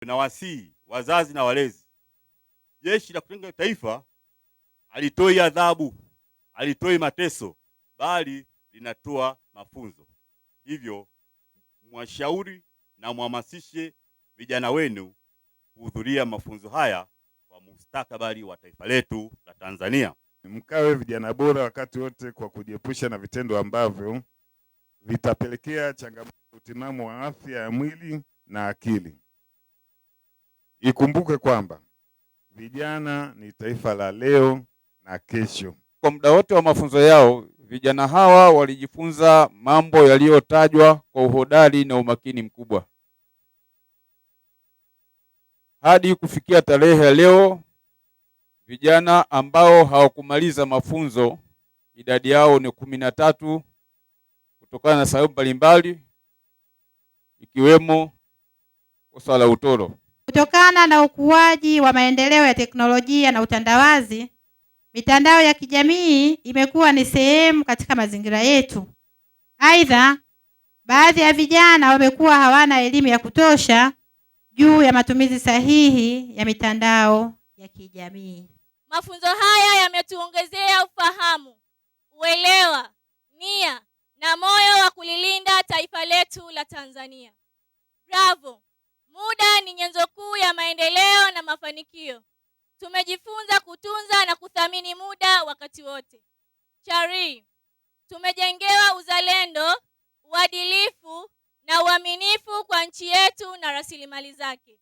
Tunawasihi wazazi na walezi, jeshi la kujenga taifa alitoi adhabu, alitoi mateso, bali linatoa mafunzo. Hivyo mwashauri na mhamasishe vijana wenu kuhudhuria mafunzo haya kwa mustakabali wa taifa letu la Tanzania. Mkawe vijana bora wakati wote kwa kujiepusha na vitendo ambavyo vitapelekea changamoto utimamu wa afya ya mwili na akili. Ikumbuke kwamba vijana ni taifa la leo na kesho. Kwa muda wote wa mafunzo yao, vijana hawa walijifunza mambo yaliyotajwa kwa uhodari na umakini mkubwa. Hadi kufikia tarehe ya leo, vijana ambao hawakumaliza mafunzo idadi yao ni kumi na tatu kutokana na sababu mbalimbali ikiwemo kosa la utoro. Kutokana na ukuaji wa maendeleo ya teknolojia na utandawazi, mitandao ya kijamii imekuwa ni sehemu katika mazingira yetu. Aidha, baadhi ya vijana wamekuwa hawana elimu ya kutosha juu ya matumizi sahihi ya mitandao ya kijamii. Mafunzo haya yametuongezea ufahamu, uelewa, nia na moyo wa kulilinda taifa letu la Tanzania. Bravo! mafanikio. Tumejifunza kutunza na kuthamini muda wakati wote. Chari, tumejengewa uzalendo, uadilifu na uaminifu kwa nchi yetu na rasilimali zake.